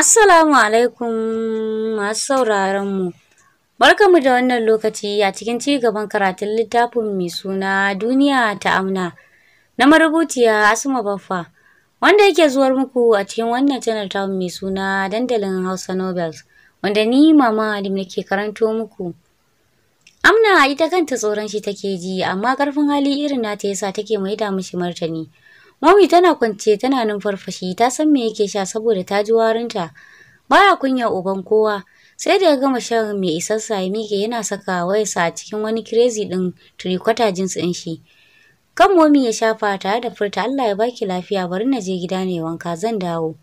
Assalamu alaikum masu sauraronmu. Barkanmu da wannan lokaci a cikin ci gaban karatun littafin mai suna Duniya ta Amna na marubuciya Asma Baffa wanda yake zuwar muku a cikin wannan channel ta mai suna Dandalin Hausa Novels wanda ni Mama Halim nake karanto muku. Amna ita kanta tsoron shi take ji amma karfin hali irin nata yasa take maida mishi martani. Mami tana kwance tana numfarfashi ta san me yake sha saboda ta ji warinta. Baya kunya uban kowa. Sai da ya gama shan mai isassa ya mike yana saka wayarsa a cikin wani crazy din turikwata jeans din shi. Kan momi ya shafa tare da furta Allah ya baki lafiya bari na je gida ne wanka zan dawo.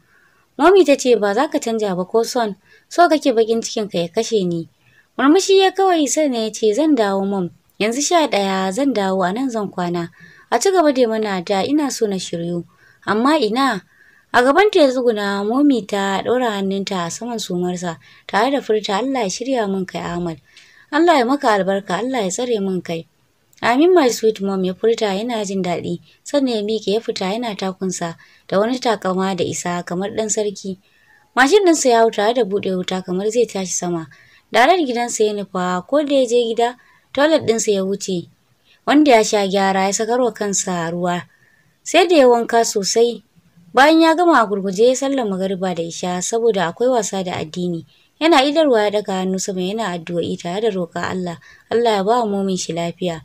Momi ta ce ba za ka canja ba ko son so kake bakin cikin ka ya kashe ni. Murmushi ya kawai sai ne ya ce zan dawo mom yanzu sha ɗaya zan dawo a nan zan kwana. a ci gaba da mana da ina so na shiryu amma ina a gabanta yanzu tsuguna momi ta ɗora hannunta a saman sumarsa tare da furta Allah ya shirya min kai Ahmad Allah ya maka albarka Allah ya tsare min kai Amin my sweet mom ya furta yana jin daɗi sannan ya miƙe ya fita yana takunsa da wani takama da isa kamar ɗan sarki. Mashin ɗinsa ya wuta da buɗe wuta kamar zai tashi sama. Dalar gidansa ya nufa ko da ya je gida toilet ɗinsa ya wuce wanda ya sha gyara ya sakarwa kansa ruwa sai da ya wanka sosai bayan ya gama a gurguje ya sallar magariba da isha saboda akwai wasa da addini yana idarwa ya daga hannu sama yana addu'o'i tare da roƙa Allah Allah ya ba wa mumin shi lafiya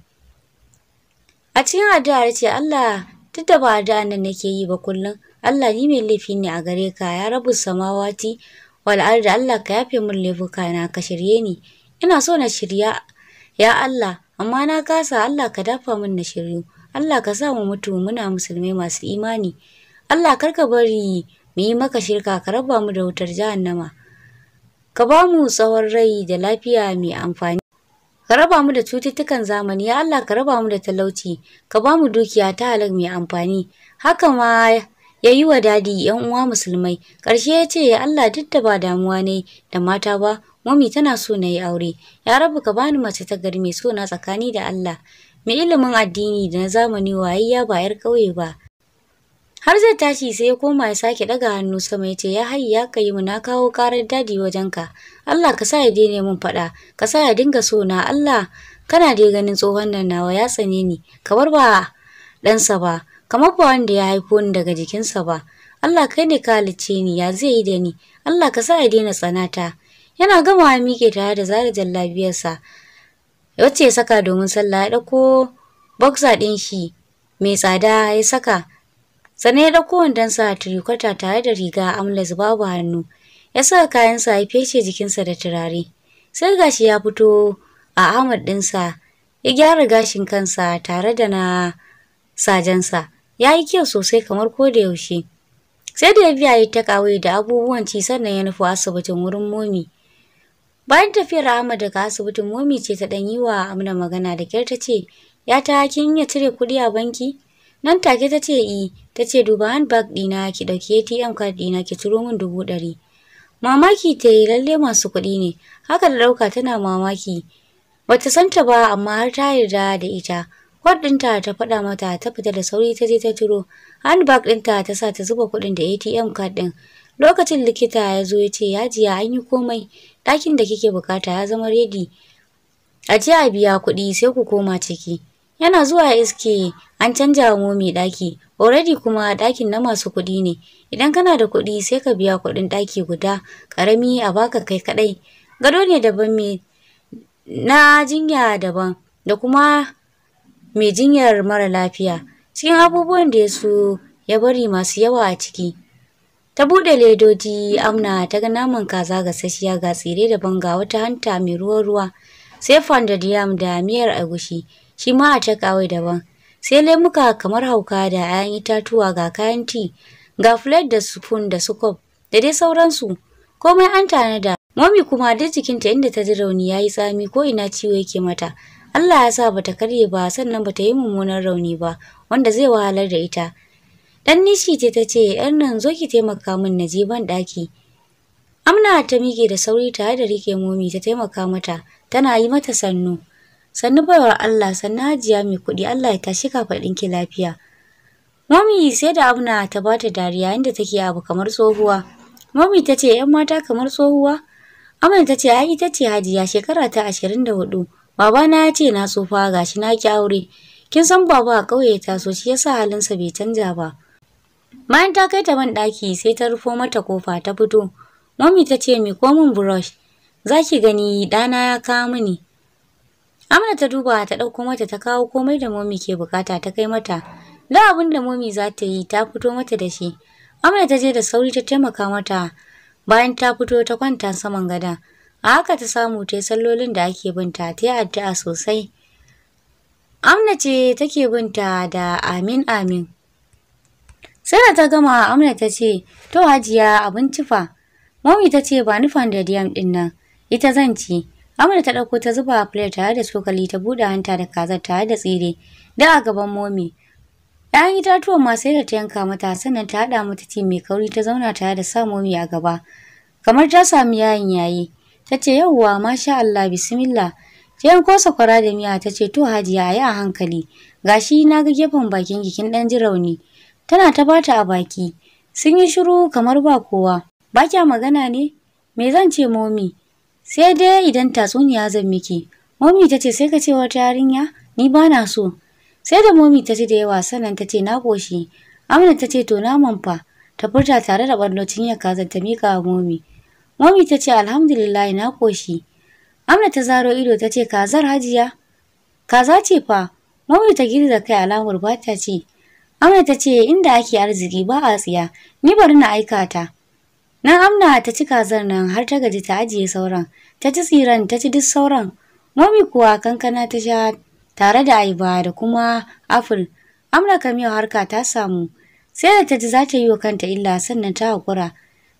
a cikin addu'a ya ce Allah duk da ba addu'a nan nake yi ba kullum Allah ni mai laifi ne a gare ka ya rabu samawati wal arda Allah ka yafe min laifuka na ka shirye ni ina so na shirya ya Allah amma na kasa Allah ka dafa min na shiryu Allah ka sa mu mutu muna musulmai masu imani Allah kar ka bari mu yi maka shirka ka raba mu da wutar jahannama ka ba mu tsawon rai da lafiya mai amfani ka raba mu da cututtukan zamani ya Allah ka raba mu da talauci ka ba mu dukiya ta halak mai amfani haka ma ya yi wa dadi yan uwa musulmai Karshe ya ce ya Allah duk da ba damuwa ne da mata ba mami tana so na yi aure ya rabu ka bani mace ta gari mai so tsakani da Allah mai ilimin addini da na zamani waye ya ba yar ƙauye ba har zai tashi sai ya koma ya sake daga hannu sama ya ce ya hayi ya kai mu na kawo karar dadi ka. Allah ka sa ya daina min faɗa ka sa ya dinga sona, Allah kana dai ganin tsohon nan nawa ya tsane ni kamar ba ɗansa ba kamar ba wanda ya haifo ni daga jikinsa ba Allah kai ne ka halicce ni ya zai yi da ni Allah ka sa ya daina tsanata yana gama ya miƙe tare da zara jallabiyarsa wacce ya saka domin sallah ya ɗauko boksa ɗin shi mai tsada ya saka sannan ya ɗauko wandonsa a turikwata tare da riga amles babu hannu ya sa kayansa ya fece jikinsa da turare sai gashi ya fito a ahmad ɗinsa ya gyara gashin kansa tare da na sajensa ya yi kyau sosai kamar ko da yaushe. Sai da ya biya ya kawai da abubuwan ci sannan ya nufi asibitin wurin momi. Bayan tafiyar Ahmad daga asibitin momi ce ta ɗan yi wa amina magana da kyar ta ce, ya ta hakin ya cire kuɗi a banki? Nan take ta ce i, eh. ta ce duba handbag ɗina ki ɗauki ATM card ɗina ki ciro min dubu ɗari. Mamaki ta yi lalle masu kuɗi ne, haka da ɗauka tana mamaki. Bata san ta ba amma har ta yarda da ita. Wad dinta ta faɗa mata ta fita da sauri ta je ta turo. Handbag ɗinta ta sa ta zuba kuɗin da ATM card ɗin. Lokacin likita ya zo ya ce ya jiya an yi komai ɗakin da kike bukata ya zama redi. A ce a biya kuɗi sai ku koma ciki. Yana zuwa iske an canja wa momi ɗaki. Already kuma ɗakin na masu kuɗi ne. Idan kana da kuɗi sai ka biya kuɗin ɗaki guda ƙarami a baka kai kaɗai. Gado ne daban me na jinya daban da kuma mai jinyar mara lafiya cikin abubuwan da ya ya bari masu yawa a ciki. Ta buɗe ledoji amna ta ga naman kaza sashiya ga tsire daban ga wata hanta mai ruwan ruwa sai da yam da miyar agushi shi ma a ta kawai daban sai lemuka kamar hauka da 'ya'yan itatuwa ga kayan ti ga flet da spoon da sukop da dai sauransu komai an tanada. Mami kuma duk jikinta inda ta ji rauni ya yi tsami ko ina ciwo yake mata Allah ya sa bata karye ba sannan bata yi mummunan rauni ba wanda zai wahalar da ita. Dan nishi ce ta ce ‘yar nan zo ki taimaka min na je ban ɗaki. Amna ta mike da sauri tare da rike momi ta taimaka mata tana yi mata sannu. Sannu baiwar Allah sannu hajiya mai kuɗi Allah ya tashi ki lafiya. Momi sai da Amna ta bata dariya inda take abu kamar tsohuwa. Momi ta ce ‘yan mata kamar tsohuwa? Amna ta ce ai ita ce hajiya shekara ta ashirin da hudu. Baba na ya ce na tsufa ga shi na ki aure. Kin san baba a ƙauye ta so shi yasa halinsa bai canja ba. Bayan ta kai ta ban ɗaki sai ta rufo mata kofa ta fito. Mami ta ce mi ko min brush. Za ki gani ɗana ya kawo mini. Amina ta duba ta ɗauko mata ta kawo komai da momi ke bukata ta kai mata. Da abin da momi za ta yi ta fito mata da shi. Amina ta je da sauri ta taimaka mata. Bayan ta fito ta kwanta saman gada. a haka ta samu ta yi sallolin da ake binta ta yi addu'a sosai amna ce take binta da amin amin sai da ta gama amna ta ce to hajiya abin fa mami ta ce ba nufan da diyam din nan ita zan ci amna ta ɗauko ta zuba a plate tare da cokali ta buɗe hanta da kazar tare da tsire da a gaban momi ‘Ya'yan itatuwan masu sai ta yanka mata sannan ta haɗa mata ci mai kauri ta zauna tare da sa Mami a gaba kamar ta sami yayin yayi ta ce yauwa masha Allah bismillah Jiyan kosa kwara da miya ta ce to hajiya yi a hankali gashi na ga gefen bakin jikin ɗan jirauni tana ta bata a baki sun yi shiru kamar ba kowa ba kya magana ne me zan ce momi sai dai idan tatsuniya zan miki momi ta ce sai ka ce wata yarinya ni ba na so sai da momi ta ce da yawa sannan ta ce na goshi amina ta ce to naman fa ta furta tare da ɓarnocin ya kazan ta miƙa momi Mami ta ce alhamdulillah na koshi. Amna ta zaro ido ta ce kazar hajiya. Kaza ce fa. Mami ta girza kai alamar ba ta ce. Amna ta ce inda ake arziki ba a tsiya. Ni bari na aika ta. Nan Amna ta ci kazar nan har ta gaji ta ajiye sauran. Ta ci tsiran ta ci duk sauran. Mami kuwa kankana ta sha tare da ayaba da kuma apple. Amna kam harka ta samu. Sai da ta ji za ta yi wa kanta illa sannan ta haƙura.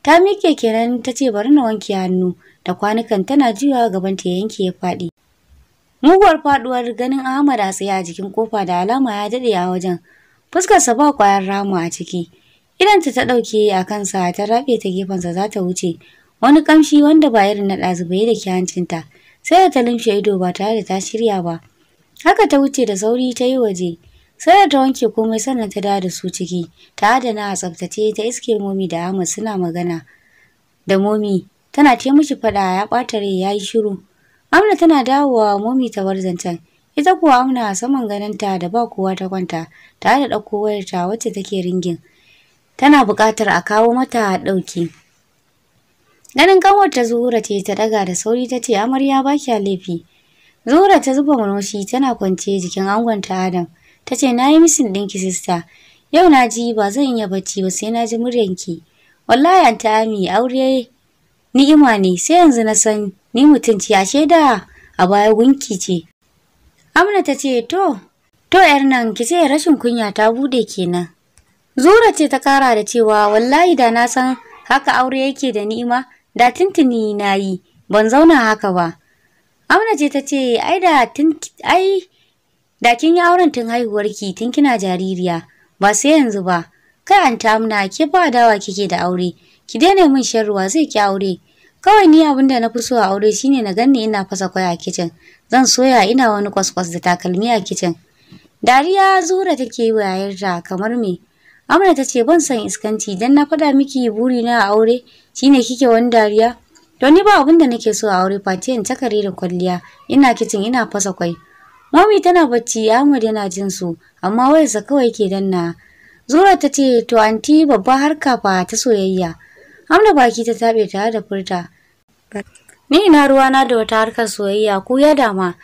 Ta miƙe kenan ta ce bari na wanke hannu da kwanukan tana jiwa gaban ta yanke ya faɗi. Muguwar faɗuwar ganin Ahmad a tsaye a jikin kofa da alama ya daɗe a wajen. Fuskarsa ba ƙwayar ramu a ciki. Idanta ta ɗauke a kansa ta rafe ta gefensa za ta wuce. Wani ƙamshi wanda ba irin na ɗazu bai da hancinta. Sai da ta lumshe ido ba tare da ta shirya ba. Haka ta wuce da sauri ta yi waje. sai da ta wanke komai sannan ta dawo da su ciki ta adana a tsaftace ta iske momi da Ahmad suna magana da momi tana ce mishi fada ya bata rai ya yi shiru Amna tana dawowa momi ta warzantan ita kuwa Amna saman ganinta da ba kowa ta kwanta ta da ɗauko wayarta wacce take ringin tana buƙatar a kawo mata ɗauki ganin kanwar ta zuhura ce ta daga da sauri ta ce amarya ba kya laifi zuhura ta zuba murmushi tana kwance jikin angon ta adam Ta ce na yi misin ɗinki sista. Yau na ji ba zan iya bacci ba sai na ji muryanki. Wallahi an Ami aure ni'ima ne sai yanzu na san ni mutum ce ashe da a baya gunki ce. Amna ta ce to to yar nan ki ce rashin kunya ta bude kenan. Zura ce ta kara da cewa wallahi da na san haka aure yake da ni'ima da tuntuni na yi ban zauna haka ba. Amna ce ta ce ai da ai Da kin yi auren tun haihuwarki tun kina jaririya, ba sai yanzu ba. Kai an tamuna ke ba dawa kike da aure, ki daina min sharruwa zai ki aure. Kawai ni abin da na fi so a aure shine na ganni ina fasa kwai a kicin. Zan soya ina wani kwaskwas da takalmi a kicin. Dariya zura take yi wa yayarta kamar me. Amna ta ce ban san iskanci dan na faɗa miki buri na a aure shine kike wani dariya. To ni ba abin da nake so a aure fatiyan takare da kwalliya. Ina kicin ina fasa kwai. Mami tana bacci Ahmad yana jin su amma wayarsa kawai ke danna. Zura ta ce to anti babba harka fa ta soyayya. Amna baki ta tabe ta da furta. Ni ina na da wata harkar soyayya ku ya dama.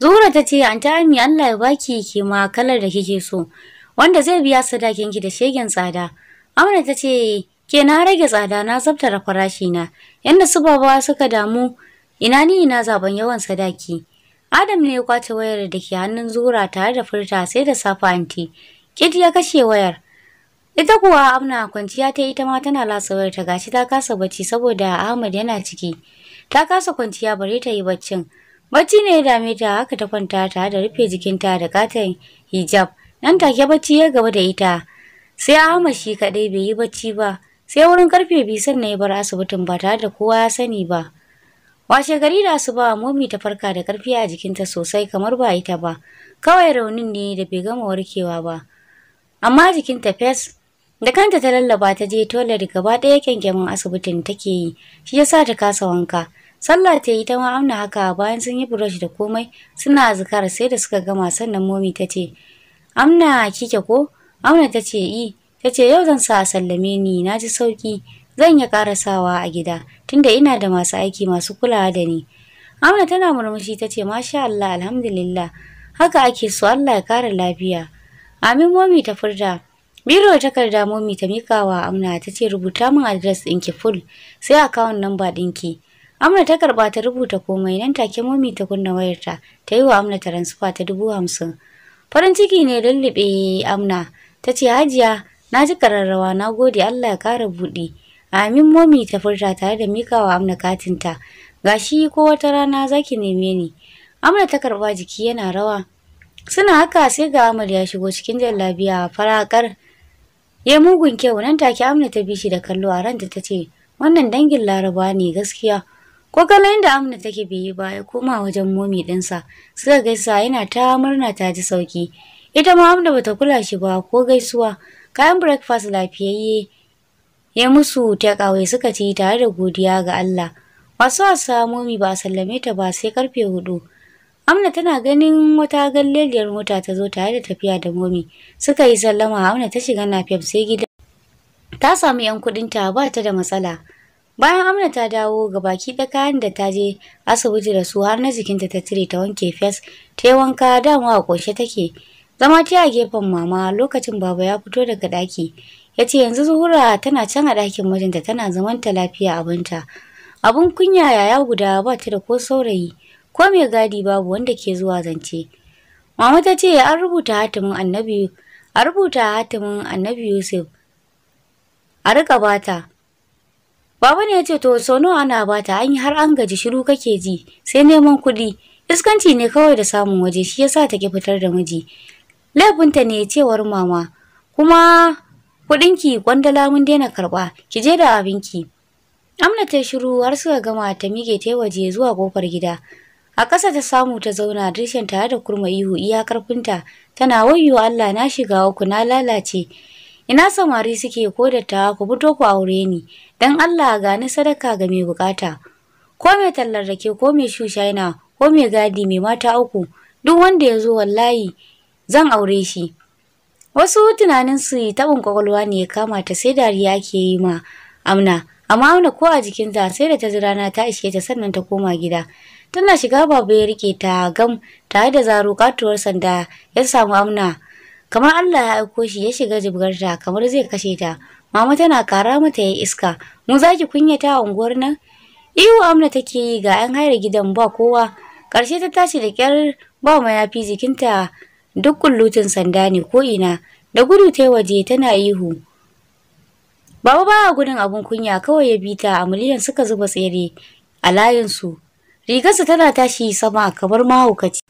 Zura ta ce anti Ami Allah ya baki ke ma kalar da kike so. Wanda zai biya sadakin ki da shegen tsada. Amna ta ce ke na rage tsada na zabtara farashi na. Yanda su babawa suka damu ina ni ina zaben yawan sadaki. Adam ne ya kwace wayar da ke hannun Zura tare da furta sai da safa anti. Kid ya kashe wayar. Ita kuwa Amna kwanciya ta ita ma tana lasa wayar ta gashi ta kasa bacci saboda Ahmad yana ciki. Ta kasa kwanciya bare ta yi baccin. Bacci ne ya dame ta haka ta kwanta tare da rufe jikinta da katin hijab. Nan take bacci ya gaba da ita. Sai Ahmad shi kaɗai bai yi bacci ba. Sai wurin karfe biyu sannan ya bar asibitin ba tare da kowa ya sani ba. Washe gari da su ba momi ta farka da ƙarfi a jikinta sosai kamar ba ita ba, kawai raunin ne da bai gama warkewa ba. Amma jikinta fes, da kanta ta lallaba ta je toladi gaba ɗaya kyankyamin asibitin take yi, shi ya sa ta kasa wanka. Sallah ta yi ta ma amna haka bayan sun yi brush da komai suna zikar sai da suka gama sannan momi ta ce, Amna kike ko? Amna ta ce, I, eh. ta ce yau zan sa sallame ni na ji sauki. zan iya karasawa a gida tunda ina da masu aiki masu kulawa da ni. Amna tana murmushi ta ce masha Allah alhamdulillah haka ake so Allah ya kara lafiya. Amin momi ta furta. Biro takarda momi ta mikawa Amna ta ce rubuta min adres ki, full sai akawun namba ki. Amna ta karba ta rubuta komai nan take momi ta kunna wayarta ta yi wa Amna transfer ta dubu hamsin. Farin ciki ne lullube Amna ta ce hajiya na ji kararrawa na gode Allah ya kara buɗe. Amin momi ta furta tare da mikawa Amna katinta. Gashi ko wata rana zaki neme ni. Amna ta karba jiki yana rawa. Suna haka sai ga Amal ya shigo cikin jallabiya farakar. Ya mugun kyau nan take Amna ta bi shi da kallo a ranta ta ce, "Wannan dangin Laraba ne gaskiya." Ko kallon da Amna take bai yi ba ya koma wajen momi ɗinsa. Suka gaisa yana ta murna ta ji sauki. Ita ma Amna bata kula shi ba ko gaisuwa. Kayan breakfast lafiyayye ya musu takawai suka ci tare da godiya ga Allah. Wasu wasa momi ba a sallame ta ba sai karfe hudu. Amna tana ganin wata galleliyar mota ta zo tare da tafiya da momi. Suka yi sallama Amna ta shiga nafiyar sai gida. Ta sami 'yan kuɗinta ba ta da matsala. Bayan Amna ta dawo ga baki da kayan da ta je asibiti da su har na jikinta ta cire ta wanke fes, ta yi wanka dama a take. Zama ta a gefen mama lokacin baba ya fito daga daki. ya ce yanzu zuhura tana can a ɗakin mijinta tana zamanta lafiya abinta abun kunya yaya guda ba ta da ko saurayi ko mai gadi babu wanda ke zuwa zance mama ta ce an rubuta hatimin annabi a rubuta hatimin annabi yusuf a riƙa bata baba ne ya ce to sau nawa ana bata an yi har an gaji shiru kake ji sai neman kuɗi iskanci ne kawai da samun waje shi yasa take fitar da miji laifinta ne cewar mama kuma ki kwandala mun daina karɓa, ki je da abinki. Amna ta shiru har suka gama ta mige ta waje zuwa kofar gida. A ƙasa ta samu ta zauna dirshen tare da kurma ihu iya karfinta tana wayyo Allah na shiga uku na lalace. Ina samari suke ko dattawa ku fito ku aure ni dan Allah gani sadaka ga mai bukata. Ko mai tallar rake ko mai shushaina ko mai gadi mai mata uku duk wanda ya zo wallahi zan aure shi. Wasu tunanin su taɓin ƙwaƙwalwa ne ya kama ta sai dariya ke yi ma Amna. Amma Amna ko a jikinta sai da ta ji rana ta ishe ta sannan ta koma gida. Tana shiga babu ya rike ta gam tare da zaro katuwar sanda ya samu Amna. Kamar Allah ya aiko shi ya shiga jibgarta kamar zai kashe ta. Mama tana kara mata ya iska. Mu za ki kunyata ta unguwar nan? Ihu Amna take yi ga 'yan haira gidan ba kowa. Ƙarshe ta tashi da ƙyar ba mayafi jikinta duk kullutin sanda ne ko ina da gudu ta waje tana ihu Baba baya gudun abun kunya kawai ya bita a miliyan suka zuba tsere a layinsu. Rigarsa tana tashi sama kamar mahaukaci.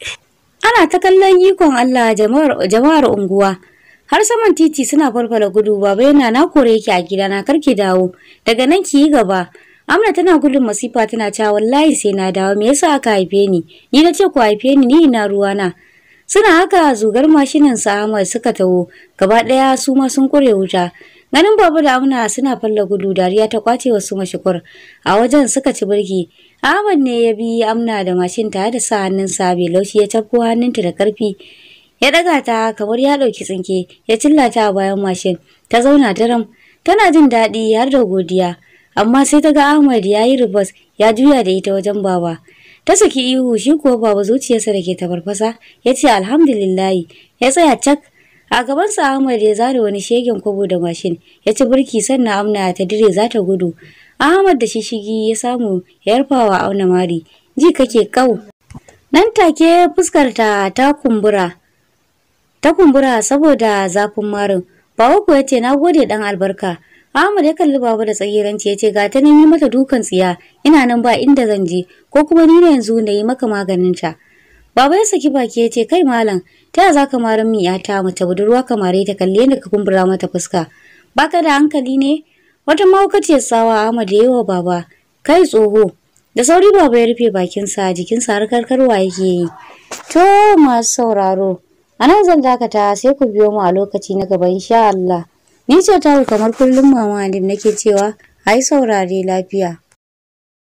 Ana ta kallon ikon Allah jama'ar unguwa. Har saman titi suna falfala gudu baba yana na kore yake a gida gidana karki dawo. Daga nan ki yi gaba. Amna tana gudun masifa tana cewa wallahi sai na dawo me yasa aka haife ni? Ni na ce ku haife ni ni ina ruwana. Suna haka zugar mashinan sa Ahmad suka taho, gaba ɗaya su ma sun kure wuta. Ganin babu da Amna suna falla gudu dariya ta kwace wasu mashukur. A wajen suka ci birki. Ahmad ne ya bi Amna da mashin tare da sa hannunsa bai laushi ya tafko hannunta da karfi Ya ɗaga ta kamar ya ɗauki tsinke, ya cilla ta bayan mashin. Ta zauna daram, tana jin daɗi har da godiya. Amma sai ta ga Ahmad ya yi rubas ya juya da ita wajen baba. Ta saki ihu shi kuwa babu zuciyarsa da ke tabarfasa ya ce alhamdulillahi ya tsaya cak a gabansa Ahmad ya zare wani shegen kwabo da mashin ya ci birki sannan amna ta dire za ta gudu. Ahmad da shishigi ya samu ya yarfawa auna mari ji kake kau. Nan take fuskarta ta kumbura ta kumbura saboda zafin marin. Bawa ku ya ce na gode dan albarka Ahmad ya kalli baba da tsagiranci ya ce ga ta nan yi mata dukan tsiya ina nan ba inda zan je ko kuma ni ne yanzu na yi maka maganin ta. Baba ya saki baki ya ce kai malam ta za ka maran min ya ta mata budurwa kamar ta kalli yadda ka kumbura mata fuska. Baka da hankali ne? Wata mahaukaciyar sawa Ahmad ya yi wa baba kai tsoho da sauri baba ya rufe bakinsa jikinsa har karkarwa yake yi to masu sauraro a nan zan dakata sai ku biyo mu a lokaci na gaba insha Allah Ni ce ta kamar kullum mama nake cewa ai saurare lafiya.